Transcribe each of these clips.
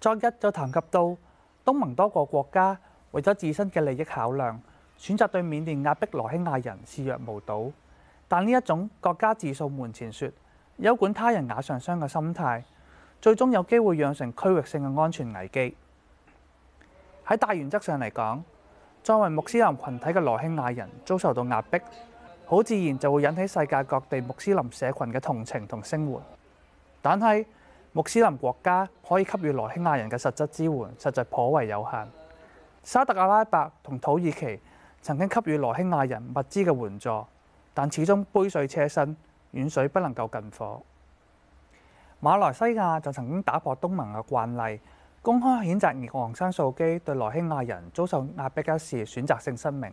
再一就談及到，東盟多個國家為咗自身嘅利益考量，選擇對緬甸壓迫羅興亞人視若無睹。但呢一種國家自掃門前雪，休管他人瓦上霜嘅心態，最終有機會釀成區域性嘅安全危機。喺大原則上嚟講，作為穆斯林群體嘅羅興亞人遭受到壓迫，好自然就會引起世界各地穆斯林社群嘅同情同聲援。但係，穆斯林國家可以給予羅興亞人嘅實質支援，實在頗為有限。沙特阿拉伯同土耳其曾經給予羅興亞人物資嘅援助，但始終杯水車薪，遠水不能夠近火。馬來西亞就曾經打破東盟嘅慣例，公開譴責昂山素基對羅興亞人遭受壓迫一事選擇性失明，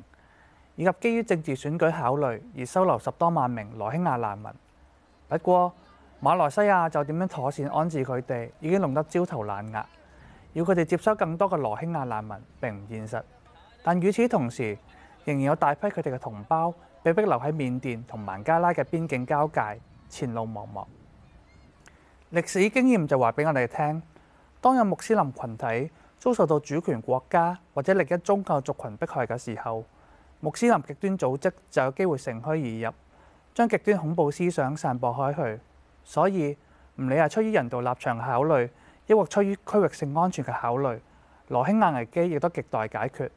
以及基於政治選舉考慮而收留十多萬名羅興亞難民。不過，馬來西亞就點樣妥善安置佢哋，已經弄得焦頭爛額。要佢哋接收更多嘅羅興亞難民並唔現實，但與此同時，仍然有大批佢哋嘅同胞被逼留喺緬甸同孟加拉嘅邊境交界，前路茫茫。歷史經驗就話俾我哋聽：當有穆斯林群體遭受到主權國家或者另一宗教族群迫害嘅時候，穆斯林極端組織就有機會乘虛而入，將極端恐怖思想散播開去。所以唔理係出於人道立場嘅考慮，抑或出於區域性安全嘅考慮，羅興亞危機亦都極待解決。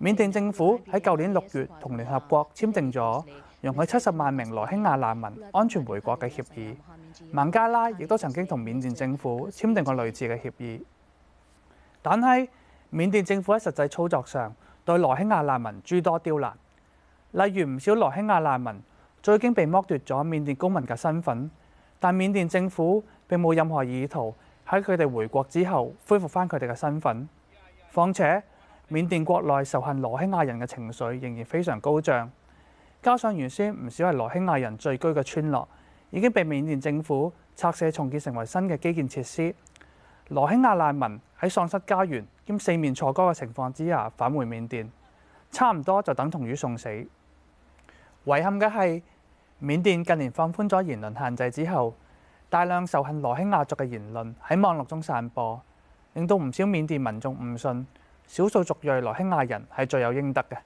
緬甸政府喺舊年六月同聯合國簽訂咗容許七十萬名羅興亞難民安全回國嘅協議，孟加拉亦都曾經同緬甸政府簽訂過類似嘅協議。但係緬甸政府喺實際操作上對羅興亞難民諸多刁難，例如唔少羅興亞難民早已經被剝奪咗緬甸公民嘅身份。但緬甸政府並冇任何意圖喺佢哋回國之後恢復翻佢哋嘅身份，況且緬甸國內仇恨羅興亞人嘅情緒仍然非常高漲，加上原先唔少係羅興亞人聚居嘅村落已經被緬甸政府拆卸重建成為新嘅基建設施，羅興亞難民喺喪失家園兼四面楚歌嘅情況之下返回緬甸，差唔多就等同於送死。遺憾嘅係，緬甸近年放寬咗言論限制之後，大量仇恨羅興亞族嘅言論喺網絡中散播，令到唔少緬甸民眾誤信少數族裔羅興亞人係罪有應得嘅。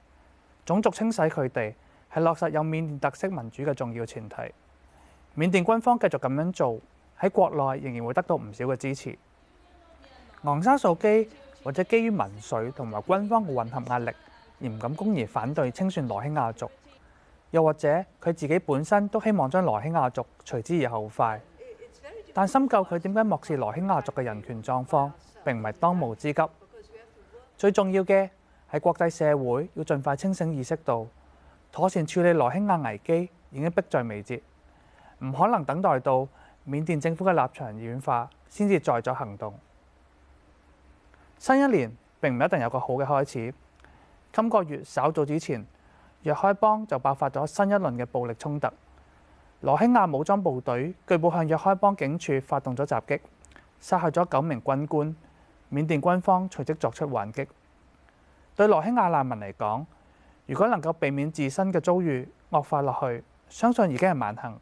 種族清洗佢哋係落實有緬甸特色民主嘅重要前提。緬甸軍方繼續咁樣做，喺國內仍然會得到唔少嘅支持。昂山素基或者基於民粹同埋軍方嘅混合壓力，而唔敢公然反對清算羅興亞族。又或者佢自己本身都希望將羅興亞族隨之而後快，但深究佢點解漠視羅興亞族嘅人權狀況並唔係當務之急。最重要嘅係國際社會要盡快清醒意識到，妥善處理羅興亞危機已經迫在眉睫，唔可能等待到緬甸政府嘅立場軟化先至再做行動。新一年並唔一定有一個好嘅開始，今個月稍早之前，若開邦就爆發咗新一輪嘅暴力衝突，羅興亞武裝部隊據報向若開邦警署發動咗襲擊，殺害咗九名軍官。緬甸軍方隨即作出還擊。對羅興亞難民嚟講，如果能夠避免自身嘅遭遇惡化落去，相信已經係萬幸。